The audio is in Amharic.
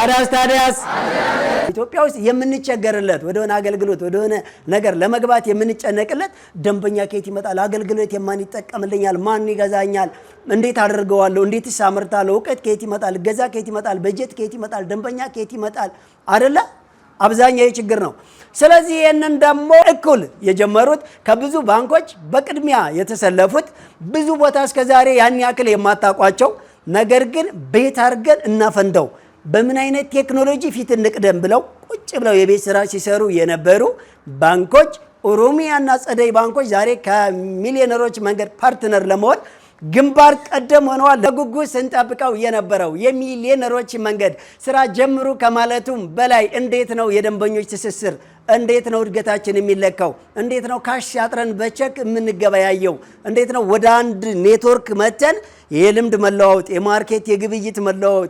ታዲያስ ታዲያስ ኢትዮጵያ ውስጥ የምንቸገርለት ወደሆነ አገልግሎት ወደሆነ ነገር ለመግባት የምንጨነቅለት ደንበኛ ከየት ይመጣል፣ አገልግሎት የማን ይጠቀምልኛል፣ ማን ይገዛኛል፣ እንዴት አደርገዋለሁ፣ እንዴትስ አመርታለሁ፣ እውቀት ከየት ይመጣል፣ ገዛ ከየት ይመጣል፣ በጀት ከየት ይመጣል፣ ደንበኛ ከየት ይመጣል አደለ? አብዛኛው ችግር ነው። ስለዚህ ይህንን ደግሞ እኩል የጀመሩት ከብዙ ባንኮች በቅድሚያ የተሰለፉት ብዙ ቦታ እስከዛሬ ያን ያክል የማታውቋቸው ነገር ግን ቤት አድርገን እናፈንደው በምን አይነት ቴክኖሎጂ ፊት እንቅደም ብለው ቁጭ ብለው የቤት ስራ ሲሰሩ የነበሩ ባንኮች ኦሮሚያና ጸደይ ባንኮች ዛሬ ከሚሊዮነሮች መንገድ ፓርትነር ለመሆን ግንባር ቀደም ሆነዋል። በጉጉት ስንጠብቀው የነበረው የሚሊዮነሮች መንገድ ስራ ጀምሩ ከማለቱም በላይ እንዴት ነው የደንበኞች ትስስር፣ እንዴት ነው እድገታችን የሚለካው፣ እንዴት ነው ካሽ ሲያጥረን በቸክ የምንገበያየው፣ እንዴት ነው ወደ አንድ ኔትወርክ መተን የልምድ መለዋወጥ፣ የማርኬት የግብይት መለዋወጥ